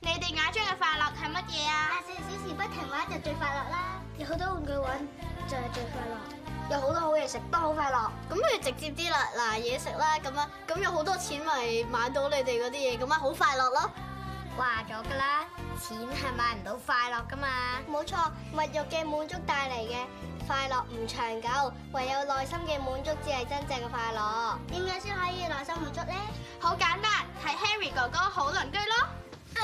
你哋眼中嘅快樂係乜嘢啊？廿四小時不停玩就最快樂啦，有好多玩具玩就係、是、最快樂。有好多好嘢食都好快樂。咁你直接啲啦，嗱嘢食啦，咁啊，咁有好多錢咪買到你哋嗰啲嘢，咁啊好快樂咯。話咗噶啦，錢係買唔到快樂噶嘛。冇錯，物欲嘅滿足帶嚟嘅快樂唔長久，唯有內心嘅滿足先係真正嘅快樂。點解先可以內心滿足咧？好簡單，睇 Harry 哥哥，哥好鄰居。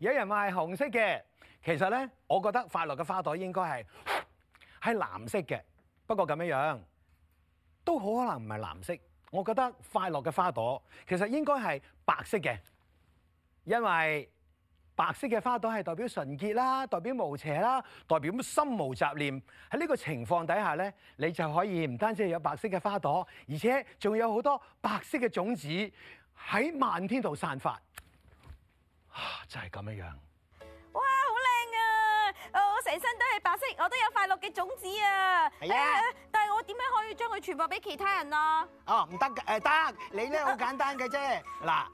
有人話係紅色嘅，其實呢，我覺得快樂嘅花朵應該係係藍色嘅。不過咁樣都可能唔係藍色。我覺得快樂嘅花朵其實應該係白色嘅，因為白色嘅花朵係代表純潔啦，代表無邪啦，代表心無雜念。喺呢個情況底下呢，你就可以唔單止有白色嘅花朵，而且仲有好多白色嘅種子喺漫天度散發。啊，真係咁樣樣。哇，好靚啊！呃、我成身都係白色，我都有快樂嘅種子啊！係啊，呃、但係我點樣可以將佢傳播俾其他人啊？哦，唔得嘅，誒、呃、得，你咧好簡單嘅啫。嗱、啊啊，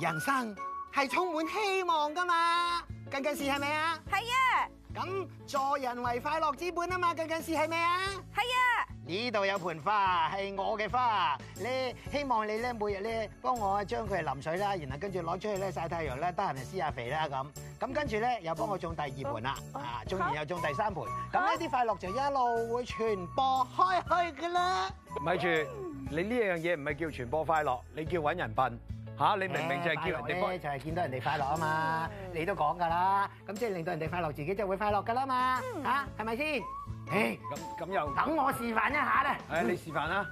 人生係充滿希望噶嘛？近近事係咪啊？係啊。咁助人為快樂之本啊嘛？近近事係咪啊？係啊。呢度有盆花，係我嘅花。你希望你咧每日咧幫我將佢淋水啦，然後跟住攞出去咧曬太陽啦，得閒嚟施下肥啦咁。咁跟住咧又幫我種第二盆啦，啊，種完又種第三盆。咁、啊、呢啲快樂就一路會傳播開去㗎啦。咪住，你呢樣嘢唔係叫傳播快樂，你叫搵人笨嚇、啊。你明明就係叫人哋，幫你、欸，就係、是、見到人哋快樂啊嘛。你都講㗎啦，咁即係令到人哋快樂，自己就會快樂㗎啦嘛。嚇係咪先？誒，咁咁又等我示範一下咧。誒，你示範啦。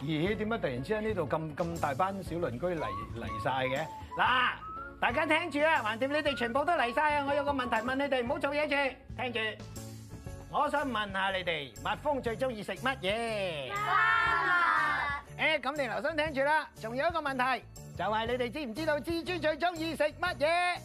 咦，點解突然之間呢度咁咁大班小鄰居嚟嚟晒嘅？嗱，大家聽住啊，橫掂你哋全部都嚟晒啊！我有個問題問你哋，唔好做嘢住，聽住。我想問下你哋，蜜蜂最中意食乜嘢？花蜜。誒，咁你留心聽住啦。仲有一個問題，就係你哋知唔知道蜘蛛最中意食乜嘢？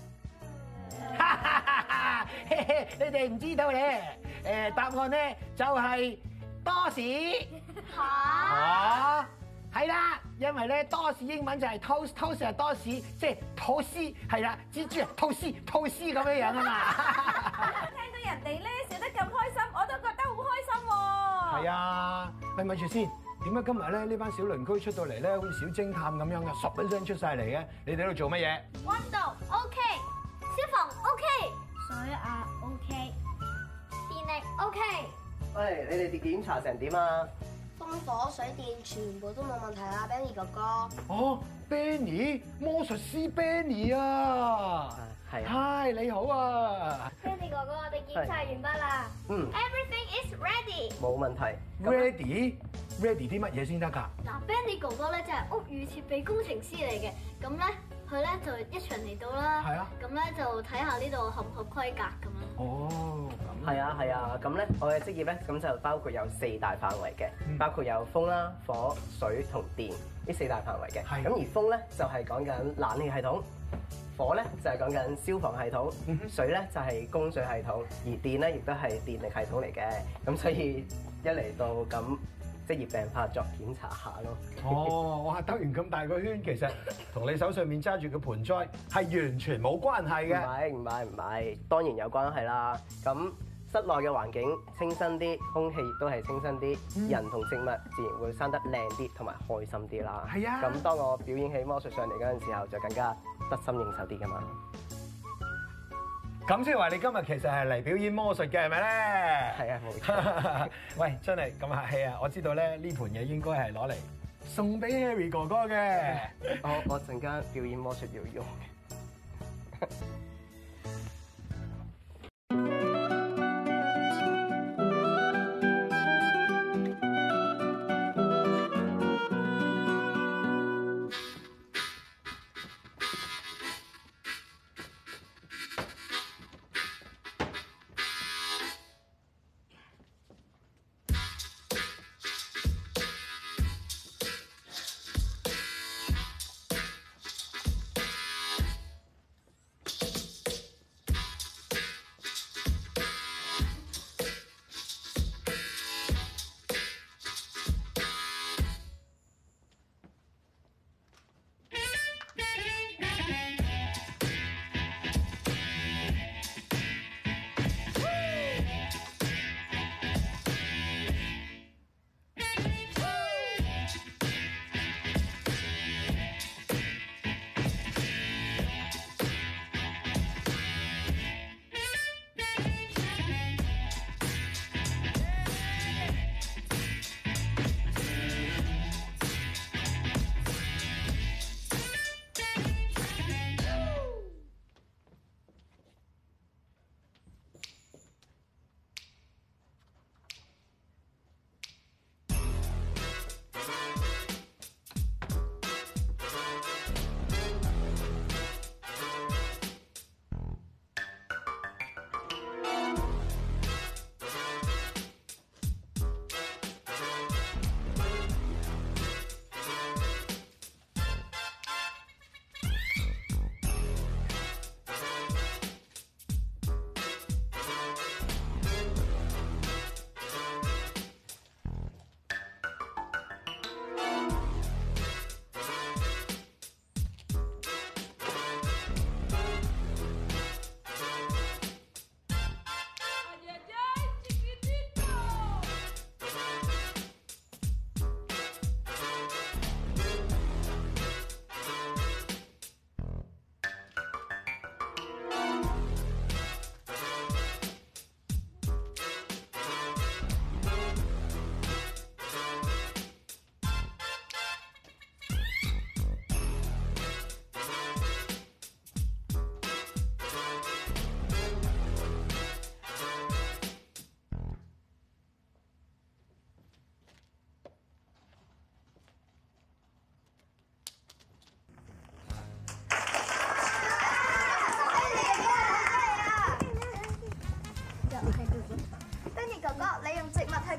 哈哈哈！你哋唔知道咧。誒答案咧就係、是、多士，嚇、啊，係啦、啊，因為咧多士英文就係 toast，toast 係多士就，即係吐司，係啦，蜘蛛吐司，吐司咁樣樣啊嘛， 聽到人哋咧笑得咁開心，我都覺得好開心喎。係啊，喂咪住先，點解今日咧呢班小鄰居出到嚟咧，好似小偵探咁樣嘅，十一聲出晒嚟嘅，你哋喺度做乜嘢溫度 OK，消防 OK。喂，hey, 你哋啲檢查成點啊？風火、水電全部都冇問題啊 Benny 哥哥。哦，Benny，魔術師 Benny 啊，係、uh, 啊，Hi 你好啊。Benny 哥哥，我哋檢查完畢啦。嗯。Everything is ready。冇問題。Ready，ready 啲乜嘢先得噶？嗱，Benny 哥哥咧就係、是、屋宇設備工程師嚟嘅，咁咧佢咧就一場嚟到啦。係啊。咁咧。我睇下呢度合唔合規格咁咯。哦，係啊，係啊，咁咧，我嘅職業咧，咁就包括有四大範圍嘅，嗯、包括有風啦、火、水同電呢四大範圍嘅。係是。咁而風咧就係講緊冷氣系統，火咧就係講緊消防系統，嗯、哼水咧就係供水系統，而電咧亦都係電力系統嚟嘅。咁所以一嚟到咁。職業病發作檢查下咯。哦、 oh,，我行兜完咁大個圈，其實同你手上面揸住嘅盆栽係完全冇關係嘅。唔係唔係唔係，當然有關係啦。咁室內嘅環境清新啲，空氣亦都係清新啲，嗯、人同食物自然會生得靚啲，同埋開心啲啦。係啊。咁當我表演起魔術上嚟嗰陣時候，就更加得心應手啲㗎嘛。咁即係話你今日其實係嚟表演魔術嘅係咪咧？係啊，冇錯。 喂，真係咁客氣啊！我知道咧，呢盤嘢應該係攞嚟送俾 Harry 哥哥嘅。 我我陣間表演魔術要用。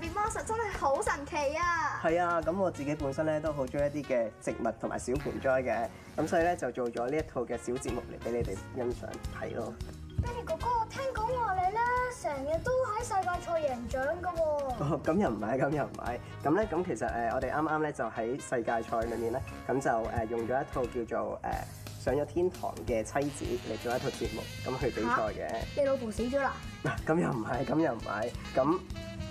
變魔術真係好神奇啊！係啊，咁我自己本身咧都好鍾意一啲嘅植物同埋小盆栽嘅，咁所以咧就做咗呢一套嘅小節目嚟俾你哋欣賞睇咯。Billy 哥哥，我聽講話你咧成日都喺世界賽贏獎㗎喎。咁又唔係，咁又唔係。咁咧，咁其實誒，我哋啱啱咧就喺世界賽裏面咧，咁就誒用咗一套叫做誒上咗天堂嘅妻子嚟做一套節目，咁去比賽嘅。你老婆死咗啦？嗱，咁又唔係，咁又唔係，咁。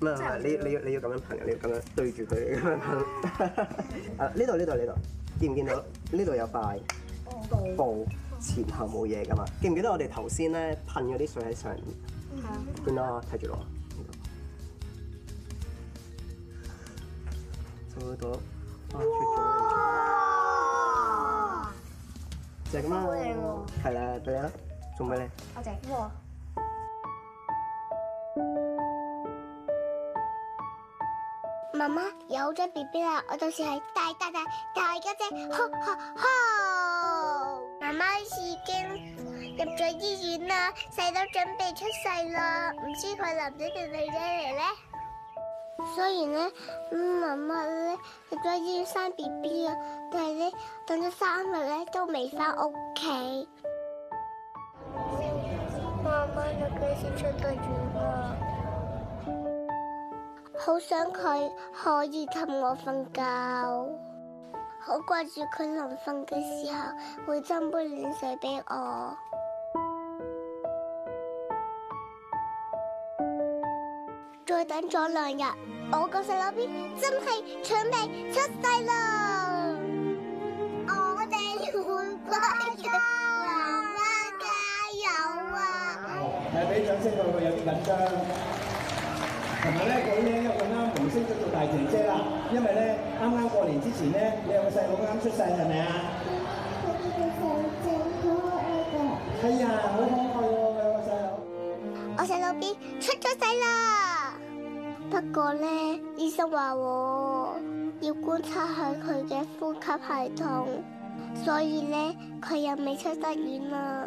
唔係，唔係，你你，你要你要咁樣噴，你要咁樣對住佢咁樣噴。 啊，呢度呢度呢度，見唔見到？呢度 有塊布， 前後冇嘢噶嘛？記唔記得我哋頭先咧噴咗啲水喺上邊？見到睇住我。就咁樣。啊、哇！成咁啊！係啦，到你啦，做咩呢。我哋。媽媽有咗 B B 啦，我到時係大大大大家姐，吼吼吼！媽媽已經入咗醫院啦，細佬準備出世啦，唔知佢男仔定女仔嚟咧。雖然咧，媽媽咧入咗醫院生 B B 啊，但係咧等咗三日咧都未翻屋企。媽媽要繼續住院啦。好想佢可以氹我瞓覺，好掛住佢臨瞓嘅時候會斟杯暖水俾我。再等咗兩日，我個細佬 B 真係準備出世啦！我哋會乖乖嘅，媽媽加油啊！係俾、啊、掌聲，我會有啲緊張。同日咧，佢咧，因為啱啱紅色咗做大姐姐啦，因為咧，啱啱過年之前咧，你有個細佬啱出世係咪啊？係啊，哎，好可愛喎，哦，兩個細佬。我細佬 B 出咗世啦，不過咧，醫生話我要觀察下佢嘅呼吸系統，所以咧，佢又未出得院啦。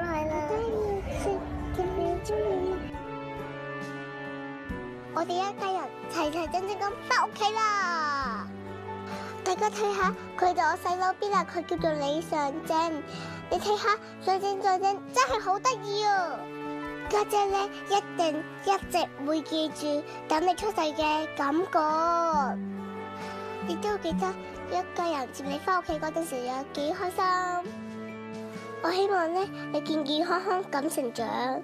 我哋一家人齊齊整整咁翻屋企啦！大家睇下，佢就我細佬邊啦，佢叫做李尚正。你睇下尚正，尚正，尚正真係好得意啊！家姐咧一定一直會記住等你出世嘅感覺，亦都記得一家人接你翻屋企嗰陣時有幾開心。我希望咧你健健康康咁成長，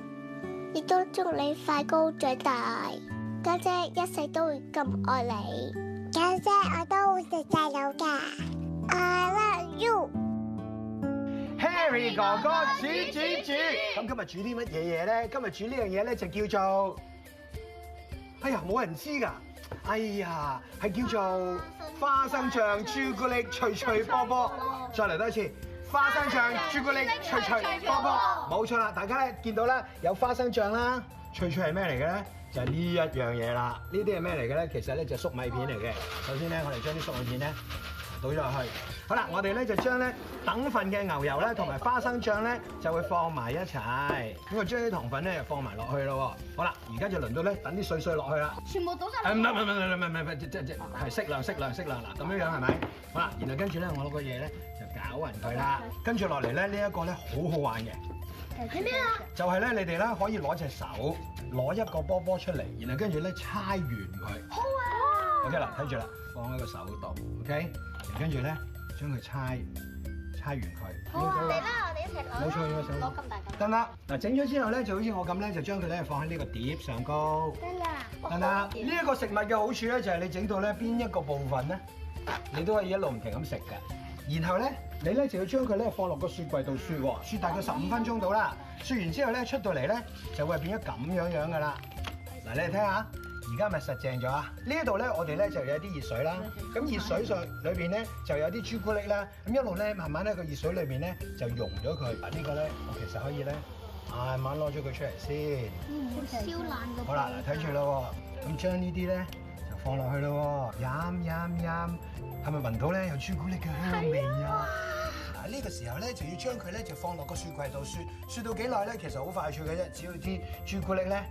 亦都祝你快高長大。家姐一世都會咁愛你，家姐我都會食細佬噶。I love you。Harry 哥哥煮煮煮，咁今日煮啲乜嘢嘢咧？今日煮呢樣嘢咧就叫做，哎呀冇人知噶，哎呀係叫做花生醬朱古力脆脆波波。再嚟多一次，花生醬朱古力脆脆波波，冇錯啦！大家咧見到啦，有花生醬啦。脆脆係咩嚟嘅咧？就係呢一樣嘢啦。呢啲係咩嚟嘅咧？其實咧就粟米片嚟嘅。首先咧，我哋將啲粟米片咧倒咗落去。好啦，我哋咧就將咧等份嘅牛油咧同埋花生醬咧就會放埋一齊。咁我將啲糖粉咧就放埋落去咯。好啦，而家就輪到咧等啲碎碎落去啦。全部倒曬。唔得唔得唔得，唔唔唔即即即係適量適量適量，嗱，咁樣樣係咪？好啦，然後跟住咧，我攞個嘢咧就攪勻佢啦。跟住落嚟咧，呢一個咧好好玩嘅。係咩啊？就係咧，你哋咧可以攞隻手攞一個波波出嚟，然後跟住咧拆完佢。好啊。OK 啦，睇住啦，放喺個手度。OK，跟住咧將佢拆，拆完佢。好啊，嚟啦樣，我哋一齊攞啦。冇錯，冇手？攞咁大個。得啦，嗱整咗之後咧，就好似我咁咧，就將佢咧放喺呢個碟上高。得啦。得啦，呢一個食物嘅好處咧，就係你整到咧邊一個部分咧，你都可以一路唔停咁食㗎。然後咧，你咧就要將佢咧放落個雪櫃度雪喎，雪大概十五分鐘到啦。雪完之後咧，出到嚟咧就會變咗咁樣樣噶啦。嗱，你嚟睇下，而家咪實淨咗啊！呢一度咧，我哋咧就有啲熱水啦。咁熱、嗯、水上裏邊咧就有啲朱古力咧，咁一路咧慢慢咧個熱水裏面咧就溶咗佢。啊、這個，呢個咧我其實可以咧慢慢攞咗佢出嚟、嗯、先。會、嗯、好燒爛㗎。好啦，嗱，睇住啦喎，咁將呢啲咧。放落去咯，啱啱啱，係咪聞到咧有朱古力嘅香味啊？嗱，呢個時候咧就要將佢咧就放落個雪櫃度雪雪到幾耐咧？其實好快脆嘅啫，只要啲朱古力咧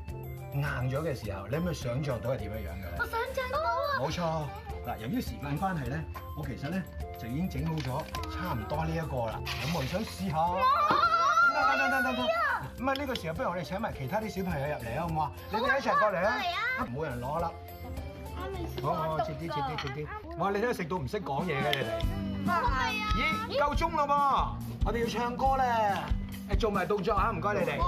硬咗嘅時候，你可唔可以想象到係點樣樣嘅？我想象到啊！冇錯嗱，由於時間關係咧，我其實咧就已經整好咗差唔多呢一個啦。有冇人想試下？得得得得得！等,等，咁啊呢個時候，不如我哋請埋其他啲小朋友入嚟啊，好唔好啊？你哋一齊過嚟啊好啊！好啊！好啊！冇人攞啦。哦，切啲，切啲，切啲！哇，你睇食到唔識講嘢嘅你哋。咦，夠鐘啦噃，我哋要唱歌啦，做埋動作啊，唔該你哋。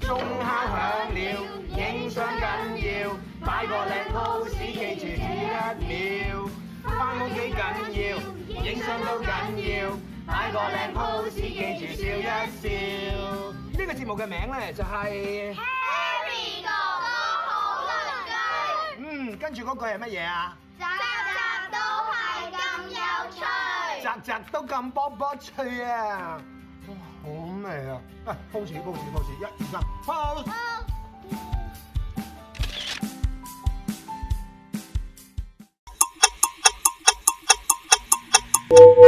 鐘敲響了，影相緊要，擺個靚 pose 記住只一秒，翻屋企緊要，影相都緊要，擺個靚 pose 記住笑一笑。呢個節目嘅名咧就係。跟住嗰句係乜嘢啊？扎扎都係咁有趣，扎扎都咁卜卜脆啊！哇，好味啊！喂，開始，開始，開始，一二三，開！